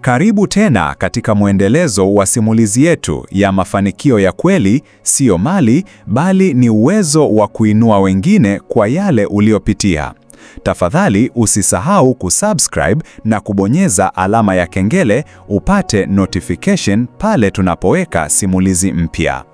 Karibu tena katika mwendelezo wa simulizi yetu ya mafanikio ya kweli siyo mali bali ni uwezo wa kuinua wengine kwa yale uliopitia. Tafadhali usisahau kusubscribe na kubonyeza alama ya kengele upate notification pale tunapoweka simulizi mpya.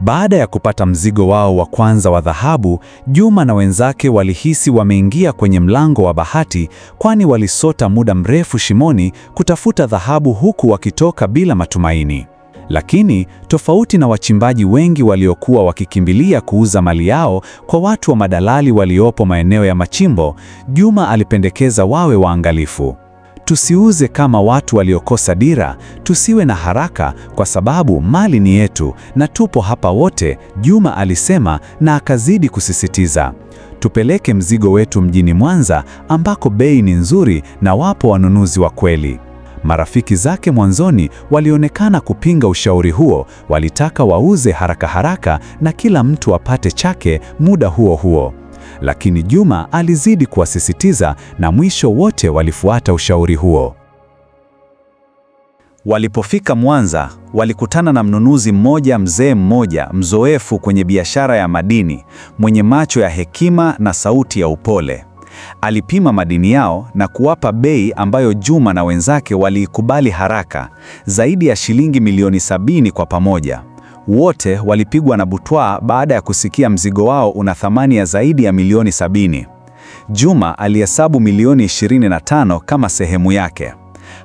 Baada ya kupata mzigo wao wa kwanza wa dhahabu, Juma na wenzake walihisi wameingia kwenye mlango wa bahati, kwani walisota muda mrefu shimoni kutafuta dhahabu huku wakitoka bila matumaini. Lakini tofauti na wachimbaji wengi waliokuwa wakikimbilia kuuza mali yao kwa watu wa madalali waliopo maeneo ya machimbo, Juma alipendekeza wawe waangalifu. Tusiuze kama watu waliokosa dira, tusiwe na haraka kwa sababu mali ni yetu na tupo hapa wote, Juma alisema na akazidi kusisitiza. Tupeleke mzigo wetu mjini Mwanza ambako bei ni nzuri na wapo wanunuzi wa kweli. Marafiki zake mwanzoni walionekana kupinga ushauri huo, walitaka wauze haraka haraka na kila mtu apate chake muda huo huo lakini Juma alizidi kuwasisitiza na mwisho wote walifuata ushauri huo. Walipofika Mwanza, walikutana na mnunuzi mmoja mzee mmoja mzoefu kwenye biashara ya madini, mwenye macho ya hekima na sauti ya upole. Alipima madini yao na kuwapa bei ambayo Juma na wenzake waliikubali haraka, zaidi ya shilingi milioni sabini kwa pamoja. Wote walipigwa na butwa baada ya kusikia mzigo wao una thamani ya zaidi ya milioni sabini. Juma alihesabu milioni 25 kama sehemu yake.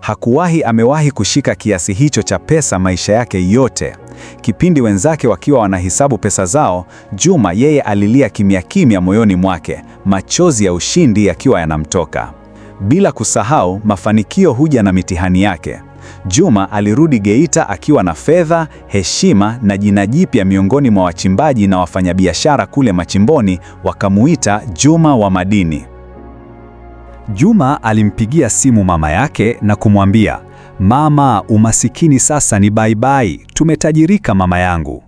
Hakuwahi amewahi kushika kiasi hicho cha pesa maisha yake yote. Kipindi wenzake wakiwa wanahesabu pesa zao, Juma yeye alilia kimya kimya moyoni mwake, machozi ya ushindi yakiwa yanamtoka. Bila kusahau, mafanikio huja na mitihani yake. Juma alirudi Geita akiwa na fedha, heshima na jina jipya miongoni mwa wachimbaji na wafanyabiashara kule machimboni, wakamuita Juma wa madini. Juma alimpigia simu mama yake na kumwambia, "Mama, umasikini sasa ni bye bye, tumetajirika mama yangu."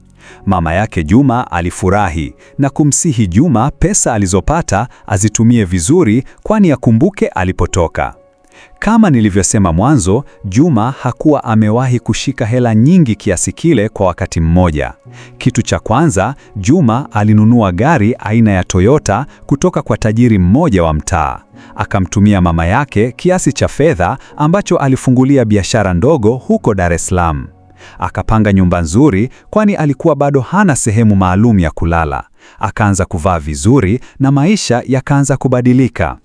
Mama yake Juma alifurahi na kumsihi Juma pesa alizopata azitumie vizuri kwani akumbuke alipotoka. Kama nilivyosema mwanzo, Juma hakuwa amewahi kushika hela nyingi kiasi kile kwa wakati mmoja. Kitu cha kwanza, Juma alinunua gari aina ya Toyota kutoka kwa tajiri mmoja wa mtaa. Akamtumia mama yake kiasi cha fedha ambacho alifungulia biashara ndogo huko Dar es Salaam. Akapanga nyumba nzuri kwani alikuwa bado hana sehemu maalum ya kulala. Akaanza kuvaa vizuri na maisha yakaanza kubadilika.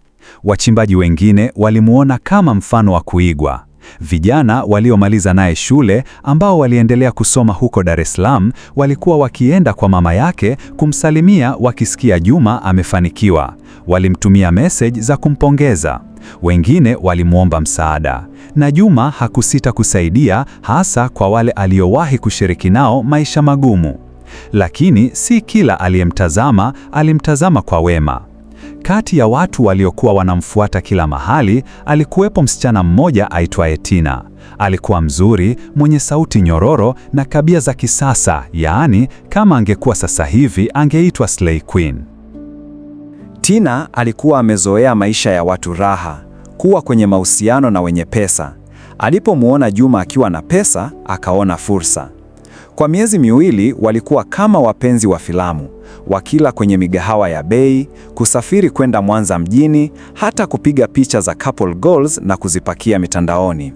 Wachimbaji wengine walimuona kama mfano wa kuigwa. Vijana waliomaliza naye shule ambao waliendelea kusoma huko Dar es Salaam walikuwa wakienda kwa mama yake kumsalimia wakisikia Juma amefanikiwa. Walimtumia message za kumpongeza. Wengine walimwomba msaada, na Juma hakusita kusaidia, hasa kwa wale aliowahi kushiriki nao maisha magumu. Lakini si kila aliyemtazama alimtazama kwa wema. Kati ya watu waliokuwa wanamfuata kila mahali, alikuwepo msichana mmoja aitwaye Tina. Alikuwa mzuri, mwenye sauti nyororo na kabia za kisasa, yaani kama angekuwa sasa hivi angeitwa Slay Queen. Tina alikuwa amezoea maisha ya watu raha, kuwa kwenye mahusiano na wenye pesa. Alipomwona Juma akiwa na pesa, akaona fursa. Kwa miezi miwili walikuwa kama wapenzi wa filamu, wakila kwenye migahawa ya bei, kusafiri kwenda Mwanza mjini, hata kupiga picha za couple goals na kuzipakia mitandaoni.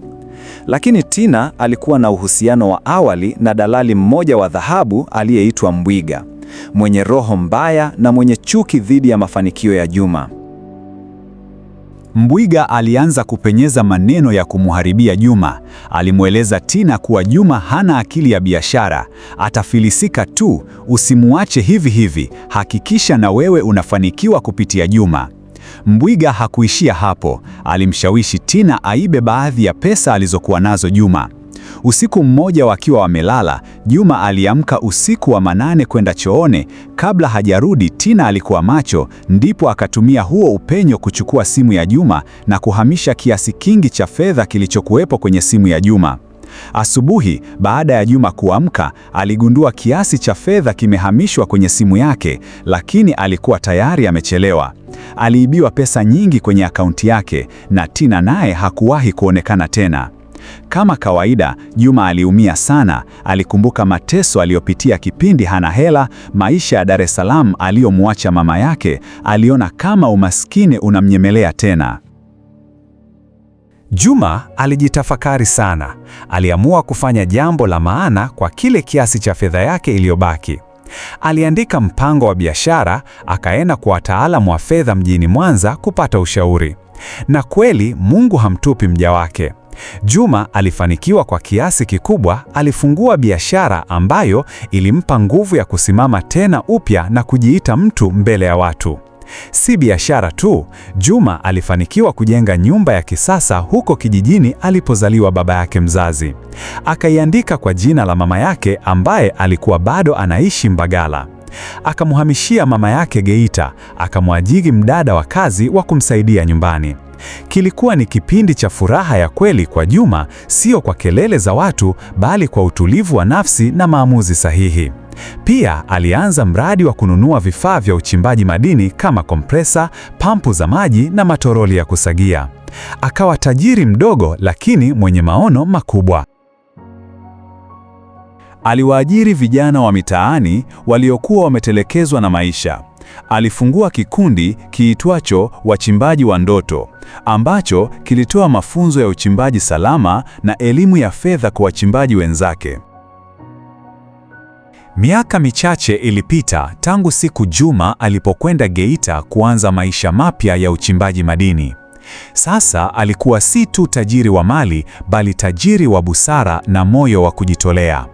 Lakini Tina alikuwa na uhusiano wa awali na dalali mmoja wa dhahabu aliyeitwa Mbwiga, mwenye roho mbaya na mwenye chuki dhidi ya mafanikio ya Juma. Mbwiga alianza kupenyeza maneno ya kumharibia Juma. Alimweleza Tina kuwa Juma hana akili ya biashara, atafilisika tu, usimuache hivi hivi, hakikisha na wewe unafanikiwa kupitia Juma. Mbwiga hakuishia hapo, alimshawishi Tina aibe baadhi ya pesa alizokuwa nazo Juma. Usiku mmoja wakiwa wamelala, Juma aliamka usiku wa manane kwenda choone. Kabla hajarudi, Tina alikuwa macho, ndipo akatumia huo upenyo kuchukua simu ya Juma na kuhamisha kiasi kingi cha fedha kilichokuwepo kwenye simu ya Juma. Asubuhi, baada ya Juma kuamka, aligundua kiasi cha fedha kimehamishwa kwenye simu yake, lakini alikuwa tayari amechelewa. Aliibiwa pesa nyingi kwenye akaunti yake na Tina naye hakuwahi kuonekana tena. Kama kawaida, Juma aliumia sana. Alikumbuka mateso aliyopitia kipindi hana hela, maisha ya Dar es Salaam aliyomwacha mama yake. Aliona kama umaskini unamnyemelea tena. Juma alijitafakari sana. Aliamua kufanya jambo la maana kwa kile kiasi cha fedha yake iliyobaki. Aliandika mpango wa biashara, akaenda kwa wataalamu wa fedha mjini Mwanza kupata ushauri. Na kweli Mungu hamtupi mja wake. Juma alifanikiwa kwa kiasi kikubwa, alifungua biashara ambayo ilimpa nguvu ya kusimama tena upya na kujiita mtu mbele ya watu. Si biashara tu, Juma alifanikiwa kujenga nyumba ya kisasa huko kijijini alipozaliwa baba yake mzazi. Akaiandika kwa jina la mama yake ambaye alikuwa bado anaishi Mbagala. Akamhamishia mama yake Geita, akamwajiri mdada wa kazi wa kumsaidia nyumbani. Kilikuwa ni kipindi cha furaha ya kweli kwa Juma, sio kwa kelele za watu, bali kwa utulivu wa nafsi na maamuzi sahihi. Pia alianza mradi wa kununua vifaa vya uchimbaji madini kama kompresa, pampu za maji na matoroli ya kusagia. Akawa tajiri mdogo lakini mwenye maono makubwa. Aliwaajiri vijana wa mitaani waliokuwa wametelekezwa na maisha. Alifungua kikundi kiitwacho Wachimbaji wa Ndoto ambacho kilitoa mafunzo ya uchimbaji salama na elimu ya fedha kwa wachimbaji wenzake. Miaka michache ilipita tangu siku Juma alipokwenda Geita kuanza maisha mapya ya uchimbaji madini. Sasa alikuwa si tu tajiri wa mali bali tajiri wa busara na moyo wa kujitolea.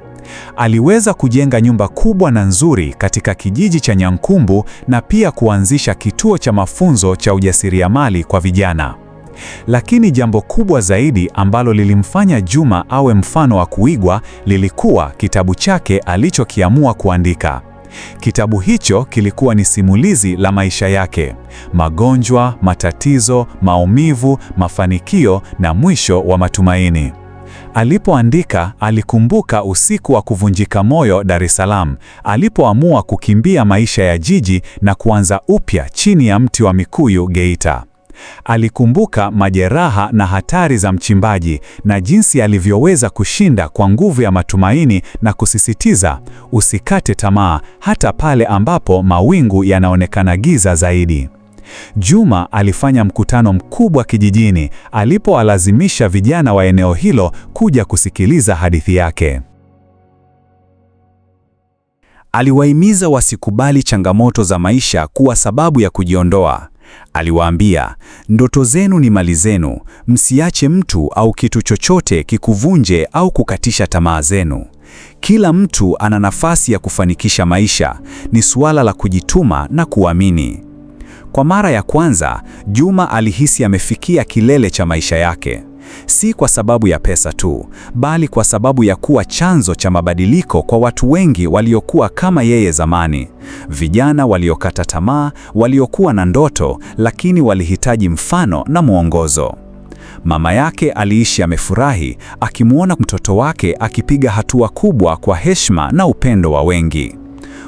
Aliweza kujenga nyumba kubwa na nzuri katika kijiji cha Nyankumbu na pia kuanzisha kituo cha mafunzo cha ujasiriamali kwa vijana. Lakini jambo kubwa zaidi ambalo lilimfanya Juma awe mfano wa kuigwa lilikuwa kitabu chake alichokiamua kuandika. Kitabu hicho kilikuwa ni simulizi la maisha yake: magonjwa, matatizo, maumivu, mafanikio na mwisho wa matumaini. Alipoandika alikumbuka usiku wa kuvunjika moyo Dar es Salaam, alipoamua kukimbia maisha ya jiji na kuanza upya chini ya mti wa mikuyu Geita. Alikumbuka majeraha na hatari za mchimbaji na jinsi alivyoweza kushinda kwa nguvu ya matumaini na kusisitiza, usikate tamaa hata pale ambapo mawingu yanaonekana giza zaidi. Juma alifanya mkutano mkubwa kijijini alipowalazimisha vijana wa eneo hilo kuja kusikiliza hadithi yake. Aliwahimiza wasikubali changamoto za maisha kuwa sababu ya kujiondoa. Aliwaambia, ndoto zenu ni mali zenu, msiache mtu au kitu chochote kikuvunje au kukatisha tamaa zenu. Kila mtu ana nafasi ya kufanikisha maisha, ni suala la kujituma na kuamini. Kwa mara ya kwanza, Juma alihisi amefikia kilele cha maisha yake, si kwa sababu ya pesa tu, bali kwa sababu ya kuwa chanzo cha mabadiliko kwa watu wengi waliokuwa kama yeye zamani, vijana waliokata tamaa, waliokuwa na ndoto lakini walihitaji mfano na mwongozo. Mama yake aliishi amefurahi, akimwona mtoto wake akipiga hatua kubwa kwa heshima na upendo wa wengi.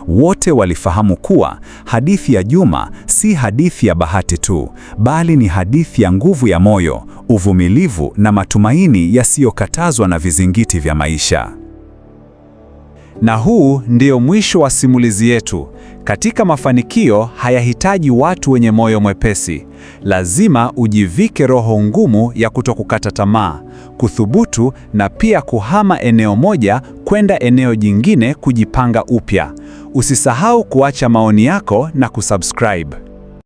Wote walifahamu kuwa hadithi ya Juma si hadithi ya bahati tu, bali ni hadithi ya nguvu ya moyo, uvumilivu na matumaini yasiyokatazwa na vizingiti vya maisha. Na huu ndio mwisho wa simulizi yetu. Katika mafanikio hayahitaji watu wenye moyo mwepesi. Lazima ujivike roho ngumu ya kutokukata tamaa, kuthubutu na pia kuhama eneo moja kwenda eneo jingine kujipanga upya. Usisahau kuacha maoni yako na kusubscribe.